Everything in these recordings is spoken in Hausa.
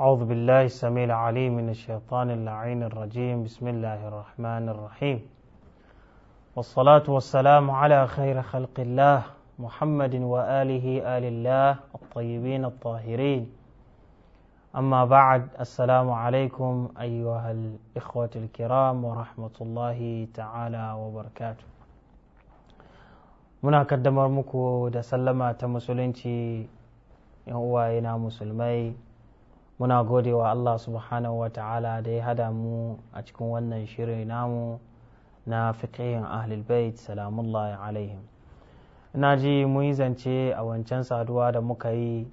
أعوذ بالله السميع العليم من الشيطان اللعين الرجيم بسم الله الرحمن الرحيم والصلاة والسلام على خير خلق الله محمد وآله آل الله الطيبين الطاهرين أما بعد السلام عليكم أيها الإخوة الكرام ورحمة الله تعالى وبركاته muna kaddamar muku da sallama ta musulunci yan uwaye na musulmai muna godewa Allah subhanahu wa ta'ala da ya hada mu a cikin wannan shirin namu na fiqihin ahlul bait salamullahi alaihim ina ji mun yi zance a wancan saduwa da muka yi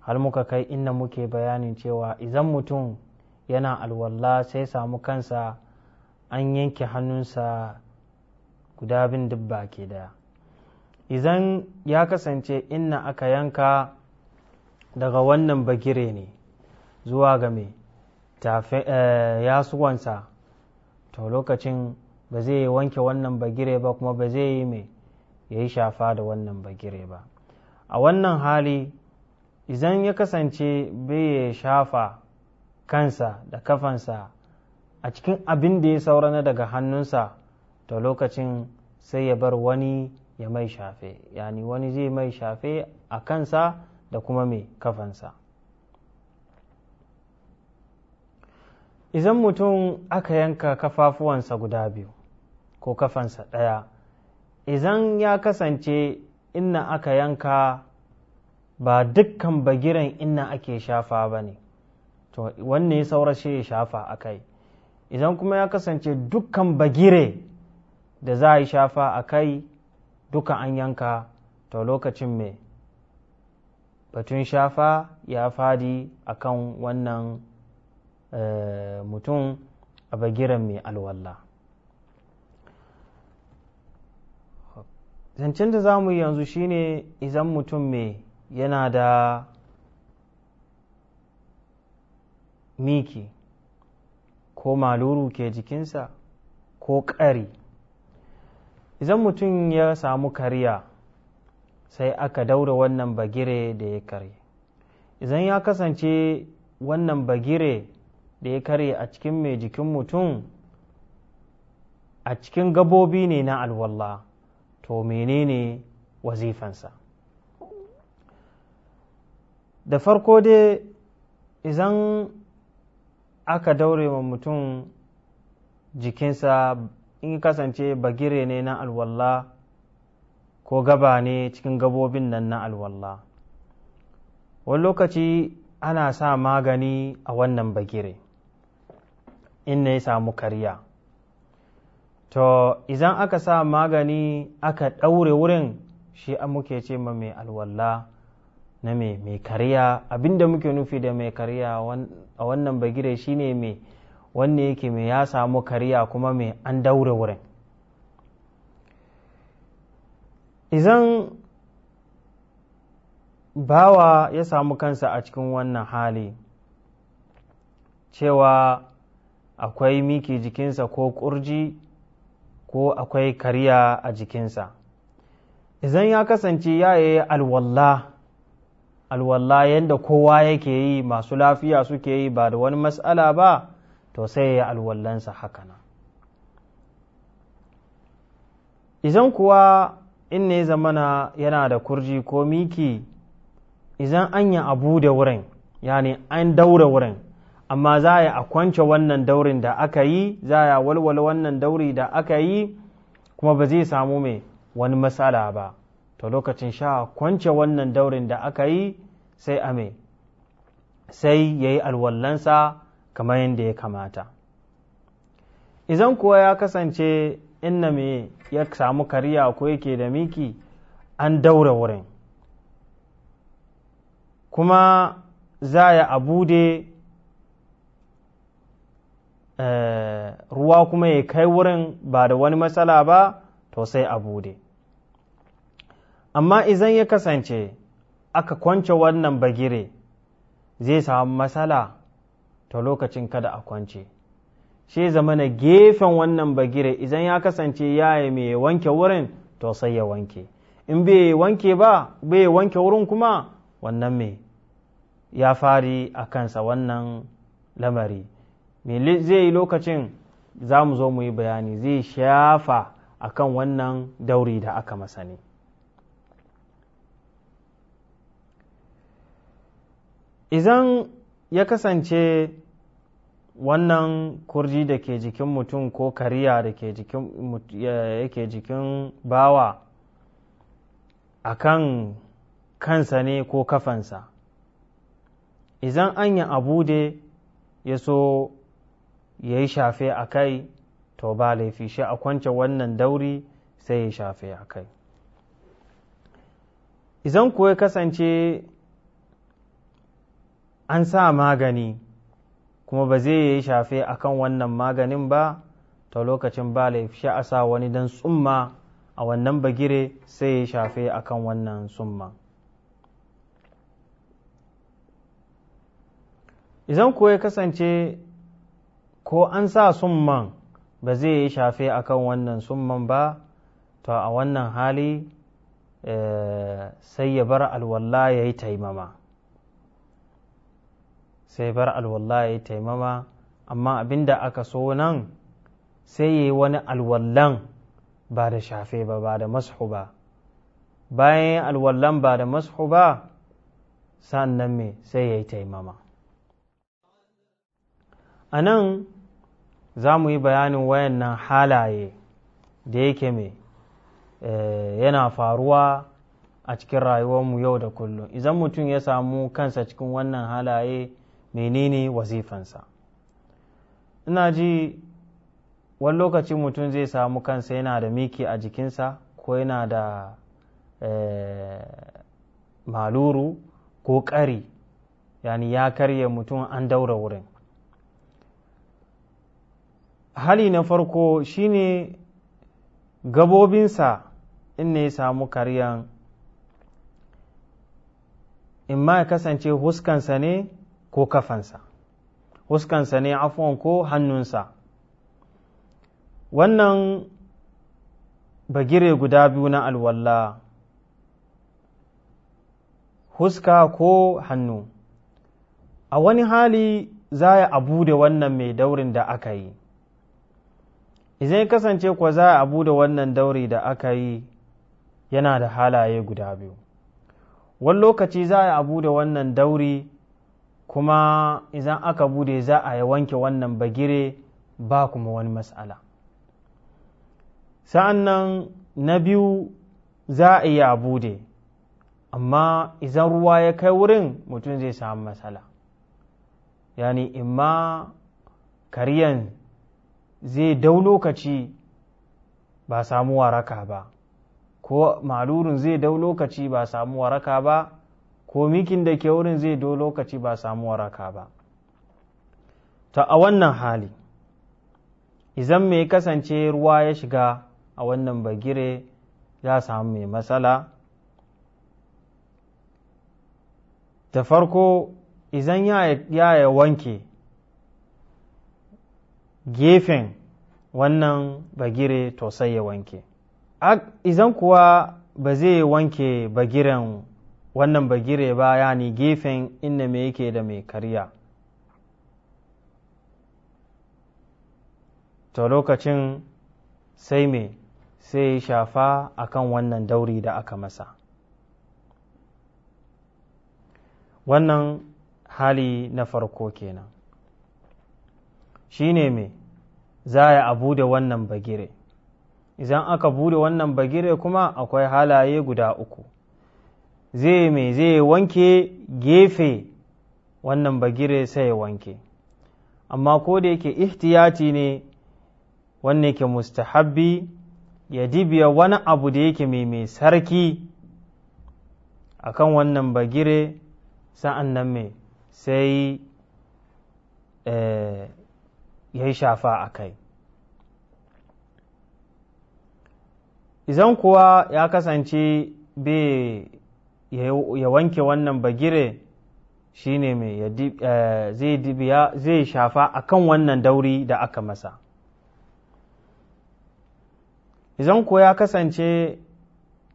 har muka kai inda muke bayanin cewa idan mutum yana alwalla sai samu kansa an yanke hannunsa guda bin dubba ke daya idan ya kasance inna aka yanka daga wannan bagire ne zuwa ga mai eh, yasuwansa to lokacin ba zai wanke wannan bagire ba kuma ba zai yi mai ya yi shafa da wannan bagire ba a wannan hali idan ya kasance bai ya shafa kansa da kafansa a cikin abin da ya saurana daga hannunsa to lokacin sai ya bar wani ya mai shafe yani wani zai mai shafe a kansa da kuma mai kafansa idan mutum aka yanka kafafuwansa guda biyu ko kafansa ɗaya idan ya kasance inna aka yanka ba dukkan bagiren inna ake shafa ba ne to wanne shi ya shafa a kai idan kuma ya kasance dukkan bagire da za a yi shafa a kai duka an yanka to lokacin mai batun shafa ya fadi akan wannan Eh, mutum a bagiran mai alwallah zancen da za mu yi yanzu shine izan mutum mai yana da miki ko maluru ke jikinsa ko ƙari izan mutum ya samu kariya sai aka daura wannan bagire da ya kare izan ya kasance wannan bagire da ya kare a cikin mai jikin mutum a cikin gabobi ne na alwalla to menene wazifansa da farko dai idan aka daure wa mutum jikinsa in kasance bagire ne na alwalla ko gaba ne cikin gabobin nan na alwalla wani lokaci ana sa magani a wannan bagire na ya samu karya to idan aka sa magani aka ɗaure wurin shi an muke ce ma mai alwalla na mai karya abinda muke nufi da mai karya a wannan bagire shine mai wanne yake mai ya samu karya kuma mai an daure wurin izan bawa ya samu kansa a cikin wannan hali cewa akwai miki jikinsa ko ƙurji ko akwai kariya a jikinsa Izan ya kasance ya yi alwalla alwalla yadda kowa yake yi masu lafiya suke yi ba da wani matsala ba to sai ya alwallansa hakana Izan kuwa in ne zamana yana da kurji ko miki Izan an yi abu da wurin yani an daura wurin amma za a yi kwance wannan daurin da aka yi za a walwala wannan dauri da aka yi kuma ba zai samu mai wani matsala ba to lokacin sha kwance wannan daurin da aka yi sai a mai sai ya yi alwallansa kamar yadda ya kamata idan kuwa ya kasance inna me ya samu kariya ko yake da miki an daura wurin kuma za a bude. Eh, ruwa kuma ya kai wurin ba da wani matsala ba to sai a bude amma izan ya kasance aka kwance wannan bagire zai samu matsala ta lokacin kada a kwance shi na gefen wannan bagire izan ya kasance ya mai wanke wurin to sai ya wanke in bai wanke ba bai wanke wurin kuma wannan mai ya fari a kansa wannan lamari me zai yi lokacin za mu zo mu yi bayani zai shafa akan wannan dauri da aka masani. Izan ya kasance wannan kurji da ke jikin mutum ko kariya da ke jikin bawa a kan kansa ne ko kafansa Izan an yi abu da ya so ya yi shafe a kai to ba laifi shi a kwance wannan dauri sai ya shafe a kai idan kuwa kasance an sa magani kuma ba zai yi shafe a kan wannan maganin ba to lokacin ba laifi a sa wani don tsumma a wannan bagire sai ya shafe a kan wannan tsumma idan kuwa kasance ko an sa summan ba zai yi shafe a kan wannan summan ba to a wannan hali eh, sai ya bar alwallah ya yi taimama sai bar alwallah ya yi taimama amma abinda aka so nan sai ya yi wani alwallan ba da shafe ba ba da mashu ba bayan alwallan ba da mashu ba nan me sai ya yi taimama a nan za mu yi bayanin wayannan halaye da yake mai eh, yana faruwa a cikin rayuwar mu yau da kullum idan mutum ya samu kansa cikin wannan halaye menene wazifansa ina ji wani lokaci mutum zai samu kansa yana da miki a jikinsa ko yana da eh, maluru ko kari yani ya karye mutum an daura wurin hali na farko shine gabobinsa in ne ya samu karyan in ma ya kasance huskansa ne ko kafansa huskansa ne afon ko hannunsa wannan bagire guda biyu na alwalla huska ko hannu a wani hali za a bude wannan mai daurin da aka yi izai kasance kuwa za a bude wannan dauri da aka yi yana da halaye guda biyu wani lokaci za a bude wannan dauri kuma idan aka bude za a yi wanke wannan bagire ba kuma wani matsala sa'an na biyu za a iya bude amma idan ruwa ya kai wurin mutum zai samu matsala yani imma kariyan zai dau lokaci ba samu waraka ba ko malurin zai dau lokaci ba samu waraka ba ko mikin da ke wurin zai dau lokaci ba samu waraka ba ta a wannan hali izan mai kasance ruwa ya shiga a wannan bagire ya samu mai matsala da farko izan ya wanke gefen wannan bagire to sai ya wanke izan kuwa ba zai wanke bagiren wannan bagire ba yani gefen inda me yake da mai karya to lokacin sai me sai shafa akan wannan dauri da aka masa wannan hali na farko kenan shi ne me za a bude wannan bagire idan aka bude wannan bagire kuma akwai halaye guda uku zai mai zai wanke gefe wannan bagire sai wanke amma ko da yake ihtiyati ne wannan ke mustahabbi ya dibiya wani abu da yake mai mai sarki a kan wannan bagire sa'an nan mai sai eh, ya yi shafa a kai izan kuwa ya kasance bai ya wanke wannan bagire shi ne eh, zai shafa a kan wannan dauri da aka masa izan kuwa ya kasance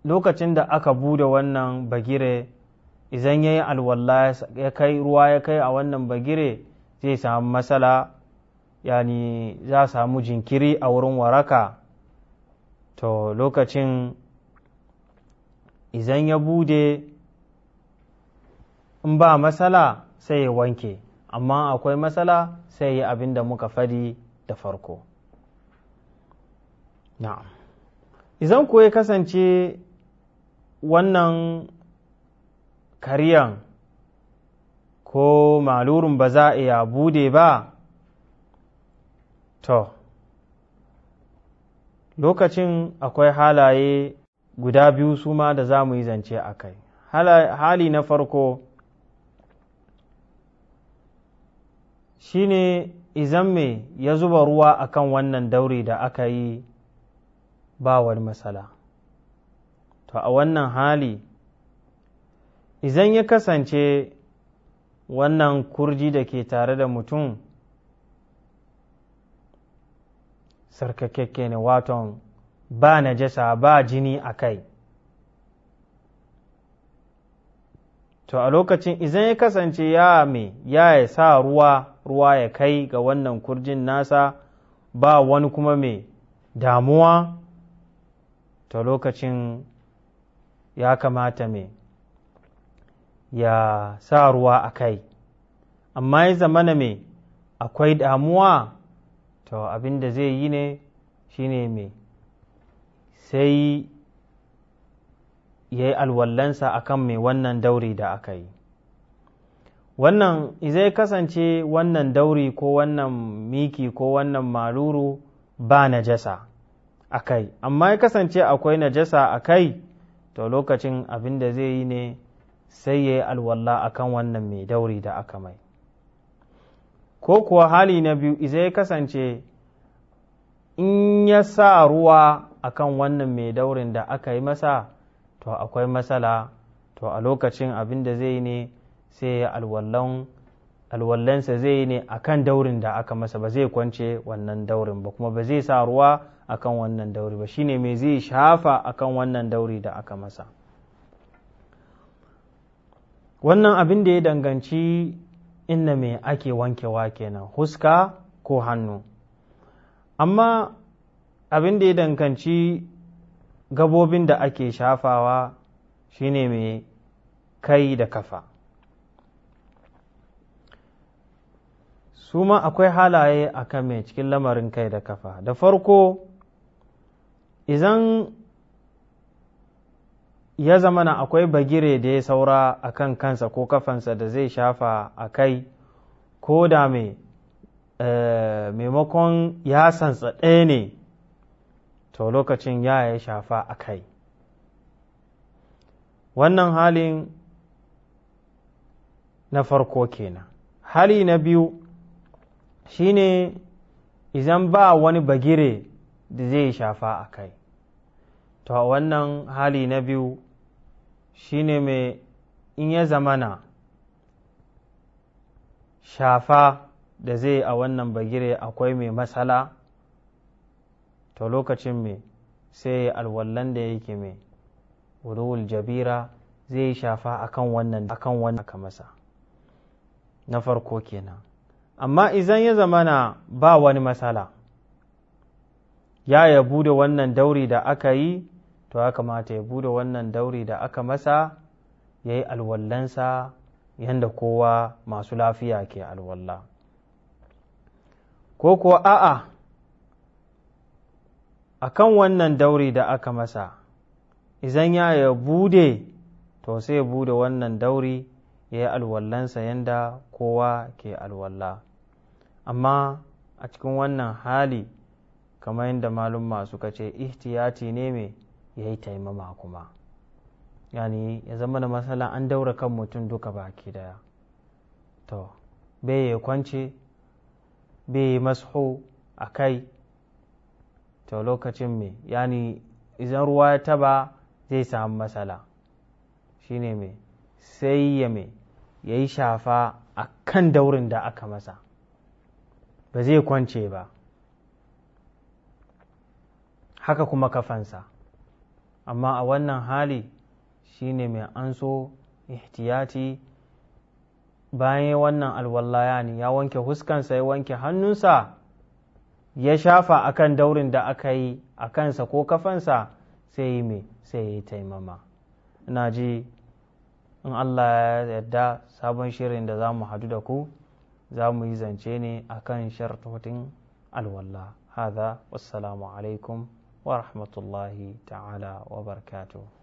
lokacin da aka bude wannan bagire izan ya yi alwallah ya kai ruwa ya kai a wannan bagire zai samu matsala yani za a samu jinkiri a wurin waraka to lokacin izan ya bude in ba matsala sai ya wanke amma akwai matsala sai ya abin da muka fadi da farko na'am izan ya kasance wannan kariyan ko malurin ba za a iya bude ba to lokacin akwai halaye guda biyu su ma da za mu yi zance a kai hali na farko shine izan me ya zuba ruwa akan wannan daure da aka yi ba wani matsala to a wannan hali izan ya kasance wannan kurji da ke tare da mutum sarkakekke ne waton ba najasa ba jini a kai to a lokacin izan ya kasance ya me ya sa ruwa ruwa ya kai ga wannan kurjin nasa ba wani kuma me damuwa to lokacin ya kamata me ya sa ruwa a kai amma ya zamana me akwai damuwa to abin da zai yi ne shine mai sai ya yi alwallansa akan mai wannan dauri da aka yi wannan zai kasance wannan dauri ko wannan miki ko wannan maruru ba najasa a kai amma ya kasance akwai najasa a kai to lokacin abin da zai yi ne sai ya yi alwalla akan wannan mai dauri da aka mai ko kuwa hali na biyu zai kasance in ya sa ruwa akan wannan mai daurin da aka yi masa to akwai matsala to a lokacin abin da zai ne sai alwallansa zai ne akan daurin da aka masa ba zai kwance wannan daurin ba kuma ba zai sa ruwa akan wannan dauri ba shine mai zai shafa akan wannan dauri da aka masa wannan abin da ya danganci inda me ake wankewa kenan huska ko hannu amma abin da ya dankanci gabobin da ake shafawa shine mai kai da kafa su akwai halaye a kan mai cikin lamarin kai da kafa da farko izan ya zama na akwai bagire da ya saura a kan kansa ko kafansa da zai shafa a kai ko da mai eh, maimakon ya sansa ɗaya ne to lokacin ya ya shafa a kai wannan halin na farko kenan hali na biyu shine idan ba wani bagire da zai shafa a kai to wannan hali na biyu shine mai in ya zamana shafa da zai a wannan bagire akwai mai matsala to lokacin mai sai alwallan da yake mai wurul jabira zai shafa akan wannan akan wannan aka masa na farko kenan amma izan ya zamana ba wani matsala ya yabu da wannan dauri da aka yi to ya kamata ya bude wannan dauri da aka masa ya yi alwallansa yadda kowa masu lafiya ke alwalla ko kuwa a'a a kan wannan dauri da aka masa izan ya ya bude to sai ya bude wannan dauri ya yi alwallansa yadda kowa ke alwalla amma a cikin wannan hali kamar yadda malumma suka ce ihtiyati ne mai ya yi taimama kuma yani ya zama da matsala an daura kan mutum duka baki daya to bai ya kwance bai yi masu a kai to lokacin mai yani idan ruwa ya taba zai samu matsala shine mai sai ya mai ya yi shafa a kan daurin da aka masa ba zai kwance ba haka kuma kafansa amma a wannan hali shine mai anso ihtiyati bayan wannan alwallaya ne ya wanke huskansa ya wanke hannunsa ya shafa akan daurin da aka yi a kansa ko kafansa sai yi mai sai ya yi taimama ina ji in allah ya yarda sabon shirin da za mu hadu da ku za mu yi zance ne akan shartotin alwallah هذا والسلام عليكم ورحمة الله تعالى وبركاته